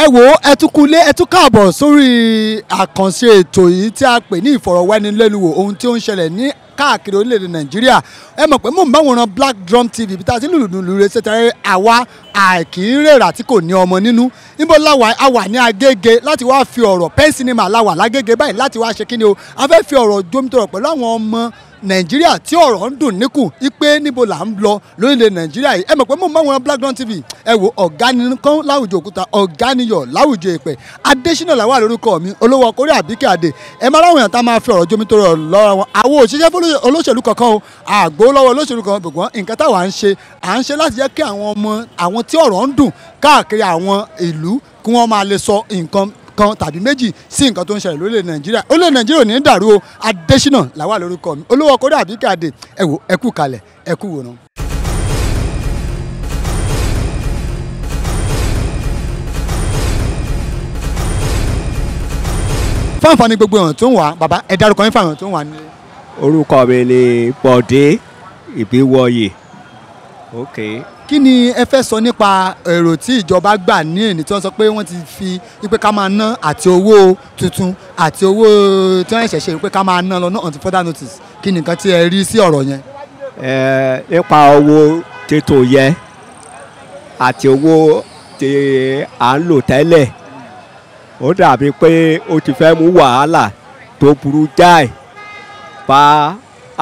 ẹ wò ó ẹ tún kulé ẹ tún káàbọ̀ sórí àkànṣe ètò yìí tí a pè ní ìfọ̀rọ̀wánilẹ́nuwò ohun tí ó ń ṣẹlẹ̀ ní káàkiri orílẹ̀-èdè nàìjíríà ẹ mọ̀ pé mò ń bá wọn ran Black Drum TV ibi tá a ti lùlùlù rẹ ṣètàrẹ́ àwa àìkírèrà tí kò ní ọmọ nínú níbo láwa a wà ní agége láti wá fi ọ̀rọ̀ pẹ́ńsì ni màá láwà lágége báyìí láti wá ṣe kí o a fẹ́ fi ọ̀rọ̀ jomitoro pẹ̀lú àwọn ọmọ nàìjíríà tí ọ̀rọ̀ ń dùn níkù ipe níbo là ń lọ lórílẹ̀ nàìjíríà yìí ẹ mọ̀ pé mò ń bá wọn Black Dawn TV ẹ wò ọ̀gá ni kán láwùjọ òkúta ọ̀gá niyọ̀ láwùjọ èpẹ̀ adésínà làwọn àlórúkọ mi olówó ọkọ̀rẹ́ àbíkẹ́ àdè ẹ máa ráwọn èèyàn tá a máa fi ọ̀rọ̀ jomi tó rọ̀ lọ́ra wọn àwọn òṣìṣẹ́ olóṣèlú kankan o àgbò lọ́wọ́ olóṣèlú kan gbogbo nǹkan táwa kí àwọn máa lè sọ nǹkan kan tàbí méjì sí nǹkan tó ń ṣẹlẹ̀ lórílẹ̀ nàìjíríà olóòlù nàìjíríà ò ní dàrú o adésínà làwà lórúkọ mi olówó kódà àbíkàdé ẹ wò ẹ kú kalẹ̀ ẹ kú wòran. fáǹfààní gbogbo èèyàn tó ń wá bàbá ẹ dárúkọ yín fáwọn tó ń wá ní. orúkọ mi ni Bọ̀dé Ìbíwọ̀yè. okay kí ni ẹ fẹ́ sọ nípa èrò tí ìjọba gbà ní èyí tí wọ́n sọ pé wọ́n ti fi wípé ká máa ná àti owó tuntun àti owó tí wọ́n ṣẹ̀ṣẹ̀ wípé ká máa ná lọ náà until further notice kí ni nǹkan tí ẹ rí sí ọ̀rọ̀ yẹn. ẹ nípa owó tètò yẹ àti owó tí à ń lò tẹ́lẹ̀ ó dàbí pé ó ti fẹ́ mú wàhálà tó burú jáì bá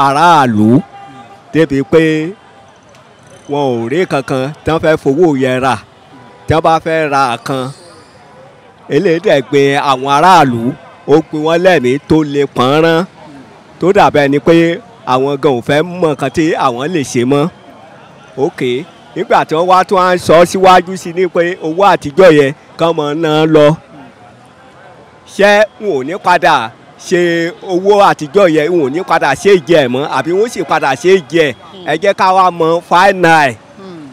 aráàlú débi pé wọn ò rí kankan tí wọ́n fẹ́ fowó yẹn rà tí wọ́n bá fẹ́ ra kan eléyìí dẹ̀ gbé àwọn aráàlú ó gbé wọn lẹ́mìí tó le pọ́nrán tó dàbẹ́ ni pé àwọn gan ò fẹ́ mọ̀ nǹkan tí àwọn lè ṣe mọ́ òkè nígbà tí wọ́n wá tó à ń sọ síwájú sí ni pé owó àtijọ́ yẹn kàn mọ́ ná lọ ṣé n ò ní padà ṣe owó àtijọ́ yẹn wọn ò ní padà ṣe é jẹ mọ́ àbí wọn sì padà ṣe jẹ ẹ jẹ́ ká wá mọ five nine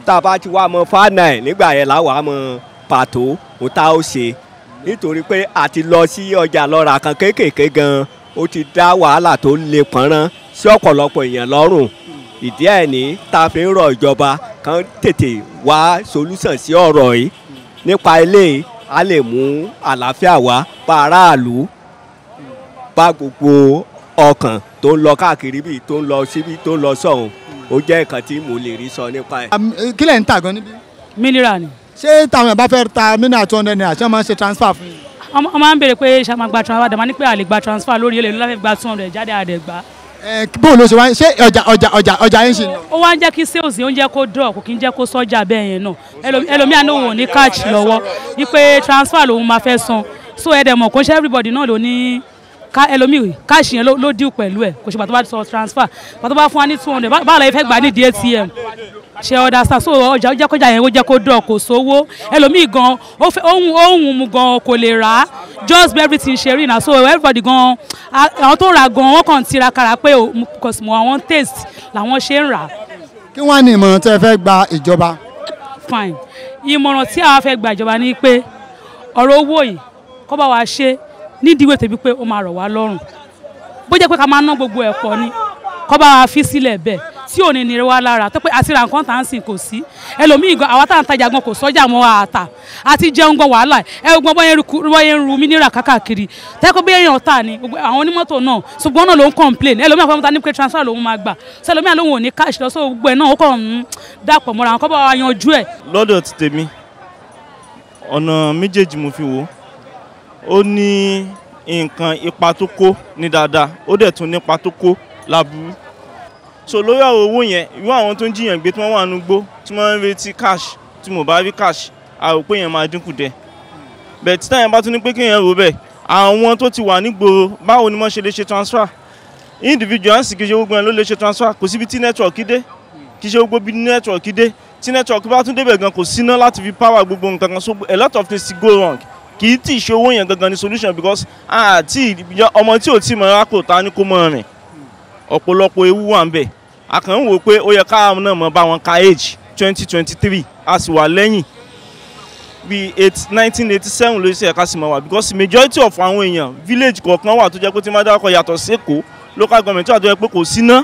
tá a bá ti wá mọ five nine nígbà yẹn là wàá mọ pàtó òun tá ó ṣe nítorí pé a lọ sí ọjà lọ́ra kan kéékèèké gan ó ti dá wàhálà tó le pọ́nrán sí ọ̀pọ̀lọpọ̀ èèyàn lọ́rùn ìdí ẹ̀ ní tá a fi ń rọ ìjọba kan tètè wá solúsàn sí ọ̀rọ̀ yìí nípa eléyìí a lè mú àlàáfíà wá bá aráàlú bá gbogbo ọkàn tó ń lọ káàkiri bíi tó ń lọ síbi tó ń lọ sọ̀hún ó jẹ́ nǹkan tí mo lè rí sọ nípa ẹ̀. Eh, kí ń tà níbí. mílíra ni. ṣé táwọn ẹ̀ bá fẹ́ ta mílíọ̀nù two hundred naira ṣé wọ́n máa ń ṣe transfer fún yín. wọ́n máa ń béèrè pé ṣé máa gba transfer dàmá ní pé àlè gba transfer lórí èlò láfẹ́ gba two hundred jáde àdẹ̀ gbà. ẹ bóun ló ṣe wá ṣé ọjà ọjà ọjà ọjà yín ṣe. ó wá ń jẹ́ kí sales yóò jẹ́ kó drop kò kí ń jẹ́ kó sọ́jà bẹ́ẹ̀ yẹn náà transfer lòun so ẹ̀dẹ̀ mọ̀ kó everybody náà ló ká ẹlòmíì káàṣì yẹn ló díù pẹ̀lú ẹ̀ kò ṣùgbọ́n tó bá sọ transfer bá tó bá fún wa ní two hundred báwo la yẹ fẹ́ gbà ní díẹ̀ atm ṣe ọ̀dà sàṣọ ọjà ó jẹ́ kọjá yẹn ó jẹ́ kó dọ̀ kò sówó ẹlòmíì gan ohun ohun mu gan kò lè rà á just be everything ṣe rí na so everybody gan àwọn tó rà gan wọ́n kàn tirakara pé because mo àwọn taste làwọn ṣe ń rà á kí wọ́n ní ìmọ̀ràn tí ẹ fẹ́ gba ìjọba. fine ìmọ̀ràn tí àwa fẹ́ gba ìjọba ni pé ọ̀rọ̀ owó yìí kọ́ bá wa ṣe nídìí ìwé tèbi pé ó máa rọ̀ wá lọ́rùn bó jẹ́ pé ká máa ná gbogbo ẹ̀ ni kọ́ bá wa fi sílẹ̀ bẹ́ẹ̀ tí ò ní ní wa lára tó pé àtìrà nǹkan tá à ń sìn kò sí ẹlòmíì gan àwa tá à ń tajà gan kò sọ́jà mọ́ àtà àti jẹun gan wàhálà ẹ gbọ́n bọ́yẹ ń ru mineral kákàkiri tẹ́kọ̀ bí èèyàn ọ̀tà ni àwọn onímọ́tò náà ṣùgbọ́n náà ló ń complain ẹlòmíì àpamọ́ta ní pé transfer lòun máa gbà ṣé ẹlòmíì àlóhùn ò ní cash lọ sí gbogbo ẹ̀ náà ó kàn ń dàpọ̀ mọ́ra àwọn kọ́ bá wa yanjú ó ní nǹkan ipa tó kó ní dáadáa ó dẹ̀ tún nípa tó kó láburú so lórí àwọn owó yẹn irú àwọn tó ń jiyàn gbé tí wọ́n wà nínú gbó tí wọ́n ń retí cash tí mo bá rí cash a rò pé yẹn máa dínkù dẹ̀ bẹ́ẹ̀ títà yẹn bá tún ní pé kéèyàn rò bẹ́ẹ̀ àwọn tó ti wà nígboro báwo ni wọ́n ṣe lè ṣe transfer individual sì kì í ṣe gbogbo yẹn ló lè ṣe transfer kò síbi tí network dé kì í ṣe gbogbo bí network dé tí network bá tún débẹ̀ gan kò síná láti fi power gbogbo nǹkan kan so a lot of things go wrong kì í tì í ṣe yẹn gangan ní solution because àti ọmọ tí ò tí mọ rákò ta ni kó mọ rìn ọ̀pọ̀lọpọ̀ ewu wà ń bẹ̀ a ń wò pé ó yẹ ká náà mọ bá wọn ka age twenty twenty three a sì wà lẹ́yìn bí eight nineteen eighty seven ló ṣe ẹ̀ka sì mọ̀ wá because majority of àwọn èèyàn village kọ̀ọ̀kan wà tó jẹ́ pé tí wọ́n dákọ̀ yàtọ̀ sí Èkó local government wà tó jẹ́ pé kò sí ná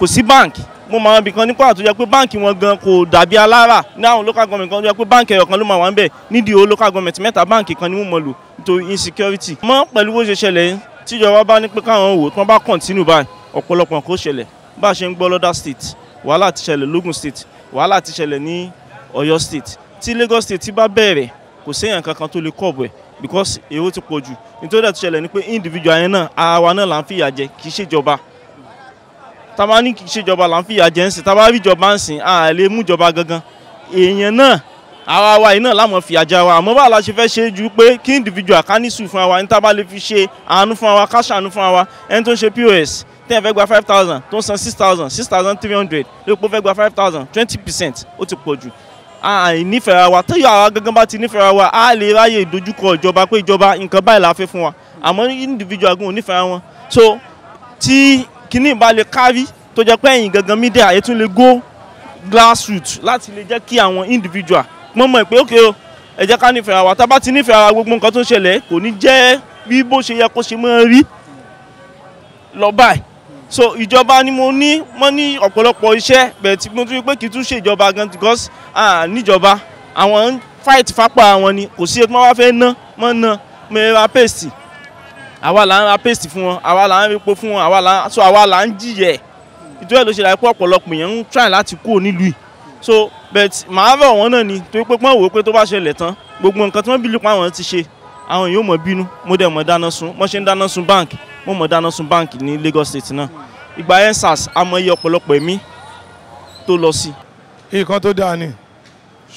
kò sí bank mo mọ àwọn ibìkan ní pàtó jẹ́ pé báǹkì wọn gan kò dàbí alára ní àwọn local government kan jẹ́ pé báǹkì ẹ̀yọ̀kan ló máa wà ń bẹ̀ nídìí o local government mẹ́ta báǹkì kan ni wọ́n mọ̀ lò nítorí insecurity. mọ́ pẹ̀lú bó ṣe ṣẹlẹ̀ tíjọba bá ní pé káwọn wò tí wọ́n bá continue báyìí ọ̀pọ̀lọpọ̀ kò ṣẹlẹ̀ bá a ṣe ń gbọ́ lọ́dà state wàhálà ti ṣẹlẹ̀ logun state wàhálà ti ṣẹlẹ̀ ní Ọ̀yọ́ state tí Lagos state ti bá bẹ̀rẹ̀ kò séèyàn kankan tó lè kọ̀ọ̀bù ẹ̀ because èrò ti pọ̀ jù nítorí ẹ̀ tó ṣẹlẹ̀ ni pé individual yẹn náà ara wa náà là ń fìyà jẹ kì í ṣèjọba tábà ní kì í ṣèjọba là ń fìyà jẹ ń sìn tábà rí ìjọba ń sìn à lè mú ìjọba gangan èèyàn náà àwa wa iná láwọn fìyà jẹ wa àmọ́ báwo la ṣe fẹ́ ṣe ju pé kí individual ká ní sùn fún wa ní tábà lè fi ṣe àánú fún wa ká ṣàánú fún wa ẹni tó ń ṣe pos tẹ́ ẹ̀ fẹ́ gba five thousand tó ń san six thousand six thousand three hundred lóòpọ̀ fẹ́ gba five thousand twenty percent ó ti pọ̀ jù àìnífẹ̀ẹ́ wa tó yọ àwa gangan bá ti nífẹ̀ẹ́ wa á lè ráyè ìdojúkọ ìjọba pé ìjọba nǹkan báyìí la fẹ́ fún wa àmọ́ individual gun ò nífẹ̀ẹ́ wọn so tí kíní ba lè kárí tó jẹ́ pé ẹ̀yin gangan media ẹ̀ tún lè go grassroots láti lè jẹ́ kí àwọn individual mọ̀ mọ̀ pé ókè o ẹ jẹ́ ká nífẹ̀ẹ́ wa tá bá ti nífẹ̀ẹ́ wa gbogbo nǹkan tó ń ṣẹlẹ̀ kò ní jẹ́ bí bó ṣe yẹ kó ṣe máa rí lọ báyìí so ìjọba ni mo ní mo ní ọ̀pọ̀lọpọ̀ iṣẹ́ bẹ̀rẹ̀ tí mo tún rí pé kì í tún ṣe gan because ah níjọba àwọn fight fapá àwọn ni kò sí ẹgbẹ́ wọn wá fẹ́ ná mọ́ ná mẹ́ra paste àwa là ń ra paste fún wọn àwa là ń ripo fún wọn àwa là ń so àwa là ń jìyẹ ìtọ́ ẹ̀ ló ṣe láìpẹ́ ọ̀pọ̀lọpọ̀ èèyàn ń try láti kúrò nílùú so but màá rọ̀ wọ́n náà ni torí pé pọ́n wò ó pé tó bá ṣẹlẹ̀ tán gbogbo nǹkan tí wọ́n bìlì pa àwọn ti ṣe àwọn èèyàn mọ̀ bínú mo dẹ̀ mọ̀ dáná sun mo ṣe ń dáná sun bank mo mọ̀ dáná sun bank ní Lagos State náà ìgbà yẹn SARS amọye ọ̀pọ̀lọpọ̀ ẹ̀mí tó lọ sí. nǹkan tó dáa ni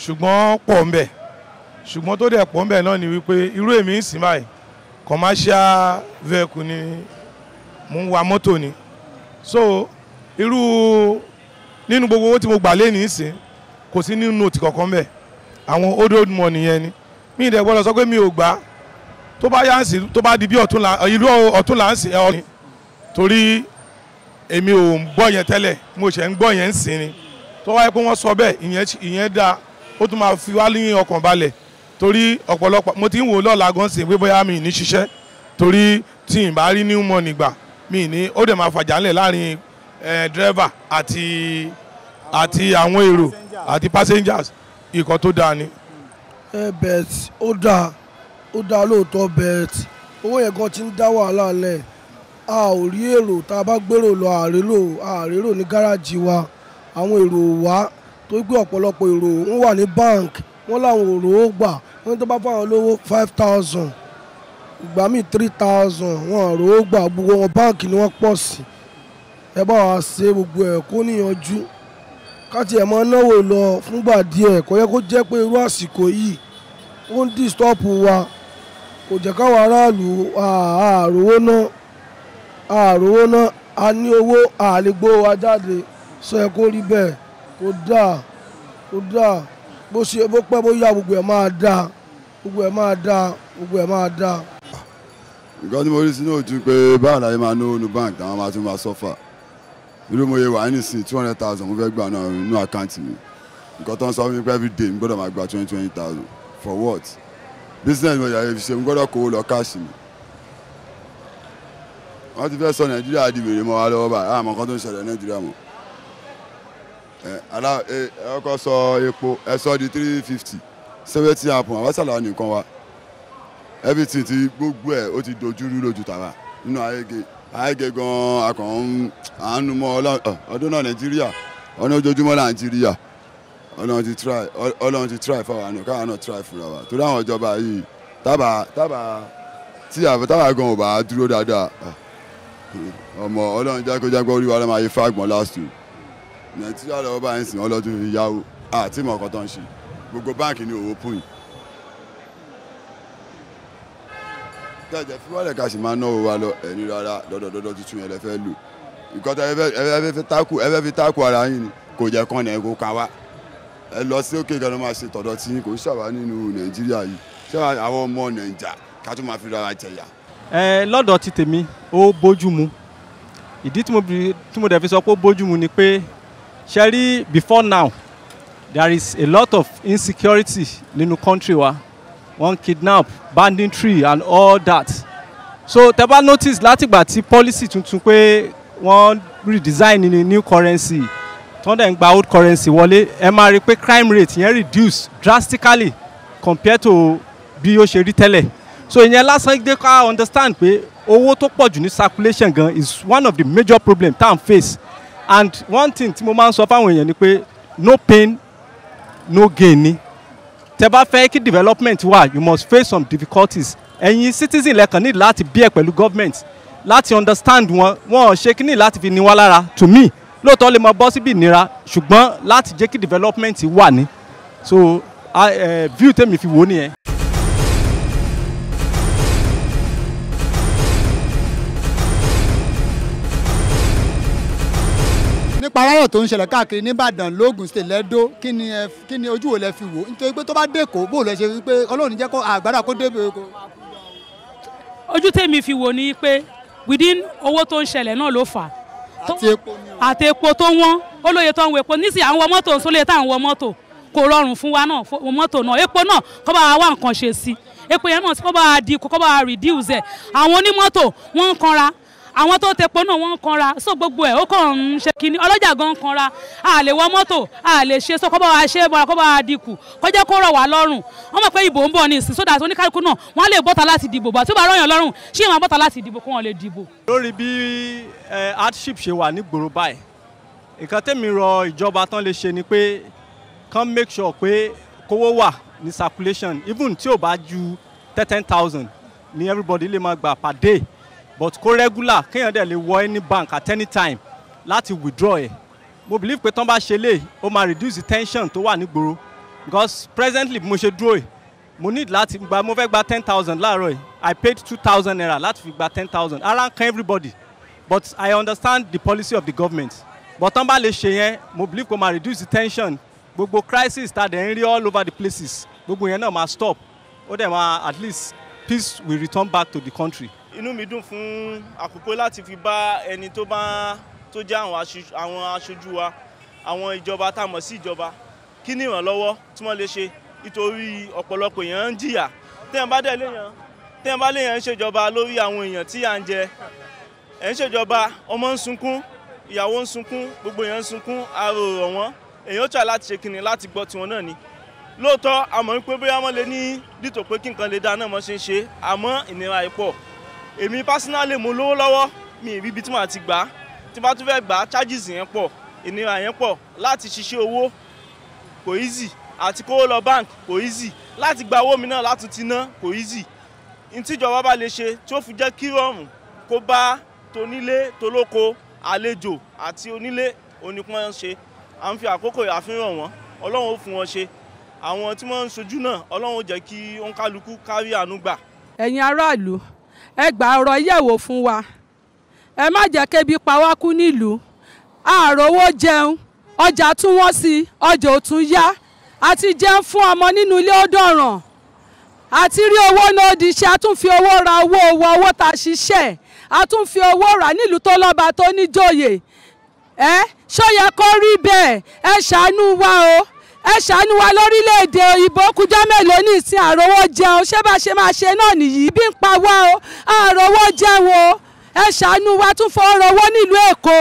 ṣùgbọ́n pọ̀ ń bẹ̀ ṣùgbọ́n tó dẹ̀ pọ̀ ń bẹ̀ náà ni wípé irú èmi ń sìn báyìí commercial vehicle ni mo ń wa mọ́tò ni so irú nínú gbogbo owó tí mo gbà lé nìsín kò sí nínú note kankan bẹ́ẹ̀ àwọn old old money yẹn ni mi ìdẹ̀ gbọ́dọ̀ sọ pé mi ò gbà tó bá yánsì tó bá di bí ìlú ọ̀tún là ń sìn ẹ̀ torí èmi ò ń gbọ́ yẹn tẹ́lẹ̀ mo ṣẹ̀ ń gbọ́ yẹn ń sìn ni tó wáyé pé wọ́n sọ bẹ́ẹ̀ ìyẹn dáa ó tún máa fi wá ní ọkàn balẹ̀ torí ọ̀pọ̀lọpọ̀ mo ti ń wò lọ́la gan sí pé bóyá mi ì ní ṣiṣẹ́ torí tí n bá rí new money gbà mi ì ní ó dẹ̀ máa fàjà ńlẹ̀ láàrin dírẹ́fà àti àti àwọn èrò àti passengers ìkan tó dáa ni. ẹ bẹ̀t ó dáa ó dáa lóòótọ́ bẹ̀t owó yẹn gan ti ń dá wàhálà lẹ̀ a ò rí èrò tá a bá gbèrò lọ àrélò àrélò ní gáràjì wa àwọn èrò wá tó gbé ọ̀pọ̀lọpọ̀ èrò wọ́n wà ní bank wọ́n láwọn ò rówó gbà wọ́n tó bá fáwọn lówó five thousand ìgbà míì three thousand wọn ò rówó gbà gbogbo wọn báǹkì ni wọ́n pọ̀ sí ẹ bá wa ṣe gbogbo ẹ̀ kó níyanjú káti ẹ̀ máa náwó lọ fúngbà díẹ̀ kò yẹ kó jẹ́ pé irú àsìkò yìí ó ń dìstọ́pù wa kò jẹ́ káwọn aráàlú àròwó náà àròwó náà a ní owó àlégbó wa jáde sọ ẹ kó rí bẹ́ẹ̀ kó dáa kó dáa. bó ṣe bó pẹ́ bó yá gbogbo ẹ̀ máa dáa gbogbo ẹ̀ máa dáa gbogbo ẹ̀ máa dáa. nǹkan tí mo rí sínú ojú pé báwo la ṣe máa ná ònú báńkì táwọn máa tún máa sọ́fà irú mo yẹ wà two hundred thousand mo fẹ́ gbà náà nínú àkáǹtì mi nǹkan gba twenty twenty thousand for what business mo yàrá lọ káàṣì mi wọ́n ti fẹ́ sọ nàìjíríà di wèrè mọ́ wa lọ́wọ́ báyìí àmọ́ nǹkan tó ń ṣẹlẹ̀ nàìjíríà mọ́. Eh, ala ẹ eh, ọkọ sọ epo ẹ sọ di three fifty seventy apon àwásàlà nìkan wa everything ti gbogbo ẹ ó ti dojúrú lójú tàwa nínú ayége ayége gan akàn àánumọ ọdún náà nàìjíríà ọdún ojoojúmọ́ nàìjíríà ọlọ́run ti try ọlọ́run ti try fáwọn àná káwọn náà try fúnra wa torí àwọn ìjọba yìí tábà tábà tí àbẹ tábà gan ò bá dúró dáadáa ah, ọmọ ọlọ́run jákèjágbọ́ orí wa lọ́mọ ayé fáàgbọ́n last week nàìjíríà lọ́wọ́ bá ń sìn ọ́ lọ́dún fi yáwó àti ìmọ̀ ọ̀kan tó ń ṣe gbogbo báǹkì ni òwò pùn yìí. tẹ̀jẹ̀ fi wọ́lẹ̀ ká sì máa náwó wa lọ ẹ̀ní rárá dọ́dọ̀dọ́dọ́ tuntun yẹn lẹ fẹ́ lò ìkọ́tà ẹ̀fẹ́ fi tákù ẹ̀fẹ́ fi tákù ara yín ni kò jẹ́ kán náà kó ká wá ẹ lọ sí òkè gan máa ṣe tọ̀dọ̀ tí kò ṣàwá nínú nàìjíríà yìí ṣàwá àwọn ọmọ nàìjà ká tún máa fi ra jẹyà. ẹ lọ́dọ̀ ti tèmi ó bójú mu ìdí tí mo dẹ̀ fi sọ pé ó bójú mu ni pé ṣẹ́rí before now there is a lot of insecurity in the country wa one kidnap tree, and all that so tẹ́ bá notice látìgbà tí policy to pé wọ́n redesign a new currency tọ́n dẹ̀ ń old currency Wale, ẹ máa crime rate yẹn reduce drastically compared to bí ó tele. rí tẹ́lẹ̀ so ìyẹn lásán dé ká understand pé owó tó pọ̀ jù circulation gun is one of the major problems that à face and one thing tí mo máa ń sọ fáwọn èèyàn ni pé no pain no gain ni tẹ bá fẹ́ kí development wà you must face some difficulties ẹ̀yin citizen lẹ́kàn ní láti bí ẹ̀ pẹ̀lú government láti understand wọn wọn ò ṣe kíní láti fi ni wá lára to me lóòótọ́ lè mọ bọ́ síbi ìnira ṣùgbọ́n láti jẹ́ kí development wà ní so uh, view tèmi fi wò ó nìyẹn. ìpáráyọ̀ tó ń ṣẹlẹ̀ káàkiri nìbàdàn lóògùn state lẹ́dọ́ kí ni ẹ kí ni ojú wo lẹ fi wò nítorí pé tó bá dẹ́kọ̀ bó lẹ ṣe wípé ọlọ́run jẹ́ kó àgbàdo kó dé ojú tèmi fi wò ni pé within owó tó ń ṣẹlẹ̀ náà ló fà á àti epo tó wọ́n ó lóye tó ń wo epo nísìnyí àwọn mọ́tò sólè tá à ń wọ mọ́tò kò rọrùn fún wa náà mọ́tò náà epo náà kọ́ bá wa nǹkan ṣe sí epo yẹn náà kọ́ bá wa di kọ́ bá wa reduce àwọn onímọ́tò wọ́n ń kanra àwọn tó tepo náà wọ́n ń kanra so gbogbo ẹ̀ ó kàn ń ṣe kínní ọlọ́jà gan ń kanra a lè wọ mọ́tò a lè ṣe so kọ́bọ̀ wa ṣe bọ́ra kọ́bọ̀ wa dínkù kọjá kó rọ̀ wá lọ́rùn wọ́n mọ̀ pé ìbò ń bọ̀ ní ìsìn sódà tó ní kálukú náà wọ́n lè bọ́ta láti dìbò bá tí ó bá rọ̀yàn lọ́rùn ṣé ìwọ̀n bọ́ta láti dìbò kó wọn lè dìbò. lórí bí hardship ṣe wà nígboro báyìí nǹkan tẹ́mi rọ ìjọba tán lè ṣe ni pé come make sure pé kówó wà ní circulation even tí ò bá ju ten thousand ni everybody lè máa gbà per day but kó regular kéèyàn dẹ̀ lè wọ any bank at any time láti withdraw ẹ̀ mo believe pé tán bá ṣe lè ó máa reduce the tension tó wà nígboro because presently mo ṣe dúró ẹ̀ mo need láti gba mo fẹ́ gba ten thousand láàárọ̀ ẹ̀ i paid two thousand naira láti fi gba ten thousand ara ń kan everybody but i understand the policy of the government but tán bá lè ṣe yẹn mo believe kó máa reduce the tension gbogbo crisis ta dẹ̀ ń rí all over the places gbogbo yẹn náà máa stop ó dẹ̀ máa at least peace will return back to the country inú mi dùn fún àkókò láti fi bá ẹni tó bá tó jẹ́ àwọn aṣojú wa àwọn ìjọba tá a mọ̀ sí ìjọba kí ni ìrànlọ́wọ́ tí wọ́n lè ṣe nítorí ọ̀pọ̀lọpọ̀ èèyàn ń jìyà tẹ́yìn bá dẹ̀ léèyàn tẹ́yìn bá léèyàn ń ṣèjọba lórí àwọn èèyàn tí à ń jẹ ẹ̀ ń ṣèjọba ọmọ ń sunkún ìyàwó ń sunkún gbogbo èèyàn ń sunkún àrò rọ̀ wọ́n èèyàn ó tà láti ṣe kinní láti gbọ́ tiwọn náà ni lóòótọ́ àmọ́ pé bóyá wọ́n lè ní dìtò pé kí nǹkan lè dáná mọ́ ṣe ń ṣe àmọ́ ìnira ẹ̀ pọ̀ èmi personally mo lówó lọ́wọ́ mi ì rí ibi tí màá ti gbà á tí bá tún fẹ́ gbà á charges yẹn pọ̀ ìnira yẹn pọ̀ láti ṣiṣẹ́ owó kò easy àti kówó lọ bank kò easy láti gba owó mi náà látún ti ná kò easy n tíjọba bá lè ṣe tí ó fi jẹ́ kí rọrùn kó bá tonílé tolóko àlejò àti onílé onípọ́n ṣe à ń fi àkókò àfihàn wọn ọlọ́run ó fún wọn ṣe àwọn tí wọ́n ń ṣojú náà ọlọ́run ó jẹ́ kí òǹkálukú kárí àánú gbà. ẹ̀yin aráàlú ẹ gbà ọ̀rọ̀ yẹ̀wò fún wa ẹ má jẹ́ kébi pa wá kú nílùú àròwó jẹun ọjà tún wọ́n sí ọjà ò tún yá àti jẹun fún ọmọ nínú ilé ó dọ̀ràn àti rí owó náà di iṣẹ́ owó ra owó owó owó ta ṣiṣẹ́ a owó rà nílùú tó lọ́ba tó níjòyè ẹ ṣó kó rí bẹ́ẹ̀ ẹ ṣàánú wa o ẹ ṣàánú wa lórílẹ̀‐èdè ìbò kújọ́ mélòó ní ìsìn àròwó jẹun ṣé bá ṣe máa ṣe náà nìyí bí ń pa jẹ́ wo ẹ ṣàánú wa tún fọ́ rọwọ́ nílùú èkó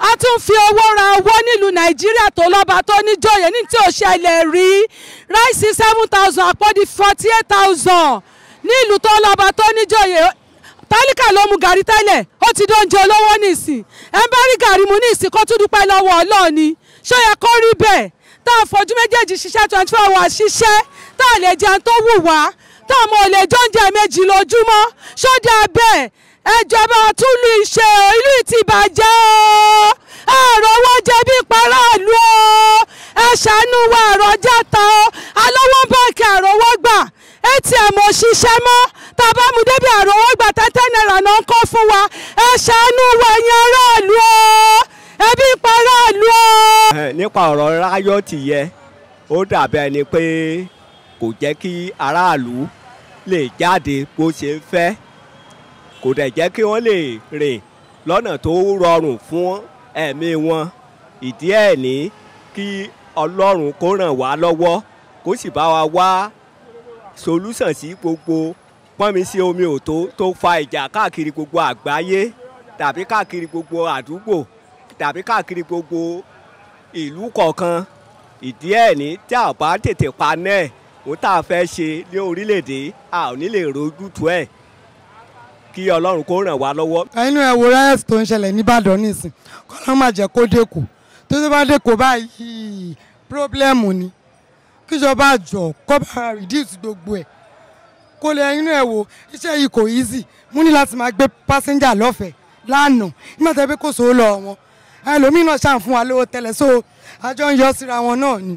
a tún fi owó ra owó nílùú nàìjíríà tó lọ́ba tó níjòyè ní tí ò ṣẹlẹ̀ rí ráìsì seven thousand àpò forty eight thousand nílùú tó lọ́ba tó níjòyè tálíkà ló mu gàrí tẹ́lẹ̀ ó ti dóúnjẹ olówó nìsín ẹ bá rí gàrí mu nìsín kó tún dúpẹ́ lọ́wọ́ ọlọ́ọ̀ni ṣó yẹ kó rí bẹ́ẹ̀ tá a fojú méjèèjì ṣiṣẹ́ twenty four hours ṣiṣẹ́ tá a lè jẹun tó wù wá táwọn ò lè jọ́ǹjẹ́ méjì lójúmọ́ ṣọ́jà abẹ́ ẹjọba tún lu ìṣe ìlú ti o ẹ̀rọ jẹ̀bi paráàlú o ẹ wa ẹ̀rọ o alówó báńkì ẹ̀rọ gbà atm ò mọ́ tàbá mu débi ẹ̀rọ gbà tẹ́tẹ́ náírà náà ń fún wa ẹ wa ẹ̀yin aráàlú o ẹbí paráàlú o. nípa ọ̀rọ̀ ráyọ̀tì yẹ ó dàbẹ́ ni pé kò jẹ́ kí aráàlú lè jáde bó ṣe ń fẹ́ kò dẹ̀ jẹ́ kí wọ́n lè rìn lọ́nà tó rọrùn fún ẹ̀mí wọn ìdí ẹ̀ ní kí ọlọ́run kó ràn wá lọ́wọ́ kó sì bá wa wá solúsàn sí gbogbo pọ́nmisí omi òtó tó fa ìjà káàkiri gbogbo àgbáyé tàbí káàkiri gbogbo àdúgbò tàbí káàkiri gbogbo ìlú kọ̀ọ̀kan ìdí ẹ̀ ní tí a bá tètè pa náà òun tá a fẹ́ ṣe ní orílẹ̀-èdè a ò ní lè rojútu ẹ̀ kí ọlọ́run kó ràn wá lọ́wọ́. inú ẹ wo riot tó ń ṣẹlẹ̀ nìbàdàn nìsín kọ́lá má jẹ́ kó dẹ́kù tó tó bá dẹ́kù báyìí pírọ́blẹ́mù ni kíjọba àjọ kó bá rìdíùsì gbogbo ẹ̀ kó lè inú ẹ wo iṣẹ́ yìí kò easy mú ní láti máa gbé pásẹ́njà lọ́fẹ̀ẹ́ lánàá nígbà tó yẹ pé kò sówó lọ wọn ẹlòmíràn ṣàǹfún wa lówó tẹ́lẹ̀ so àjọ ń yọ síra wọn náà ni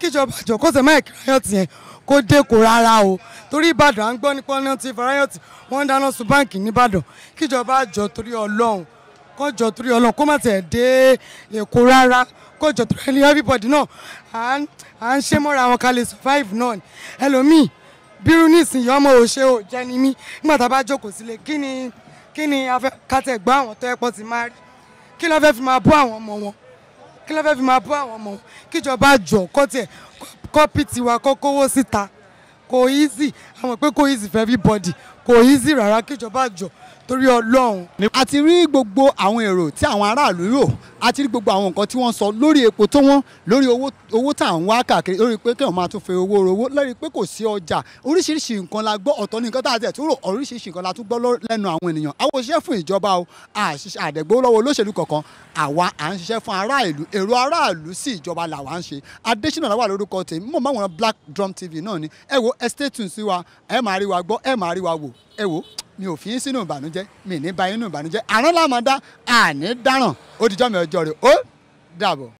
kíjọba àjọ kó sẹ máìkì riot yẹn kó dẹ́kọ rárá o torí ìbàdàn à ń gbọ́ nípa ọ̀nà tí riot wọ́n ń dáná sun báǹkì nìbàdàn kíjọba àjọ torí ọlọ́run kó jọ torí Ọlọ́run kó má tẹ̀ dé èkó rárá kó torí ẹni everybody náà à ń ṣe mọ́ra wọn ká lè survive náà ni ẹlòmíì bírú nísìnyí ọmọ òṣè ò jẹni mí nígbà tá a bá jókòó sílẹ̀ kí ni kí ni kátẹ́ gbọ́ àwọn tó ẹ̀ ti máa rí kí ló fẹ́ fi máa bọ́ àwọn ọmọ wọn kí ló fẹ́ fi máa bọ́ àwọn ọmọ kíjọba jọ kọ́ tiẹ̀ kọ́pì tiwa kọ́ kówó síta kò easy àwọn pé kò easy for everybody kò easy rárá kíjọba jọ torí ọlọ́run a ti rí gbogbo àwọn èrò tí àwọn aráàlú rò a ti rí gbogbo àwọn nǹkan tí wọ́n sọ lórí epo tó wọ́n lórí owó tá à ń wá káàkiri lórí pé kí wọ́n máa tún fi owó rówó lórí pé kò sí ọjà oríṣiríṣi nǹkan la gbọ́ ọ̀tọ̀ ní nǹkan tá a tẹ̀ tó rò oríṣiríṣi nǹkan la tún gbọ́ lẹ́nu àwọn ènìyàn àwọn òṣìṣẹ́ fún ìjọba o àdẹ̀gbówó lọ́wọ́ olóṣèlú kọ̀ọ̀kan àwa à ń ṣiṣẹ́ fún aráàlú èrò aráàlú sí ìjọba làwa ń ṣe adésínà làwà lórúkọ tèmi mọ̀ máwọn Black Drum TV náà ni ẹ wo ẹ stay tuned sí wa ẹ máa rí wa gbọ́ ẹ máa rí wa wò ẹ wo mi ò fi sínú ìbànújẹ́ mi ní ba inú ìbànújẹ́ àrán làmọ́ dá àní dáràn ó dijọ́ mi ọjọ́ rẹ̀ ó dàbọ̀.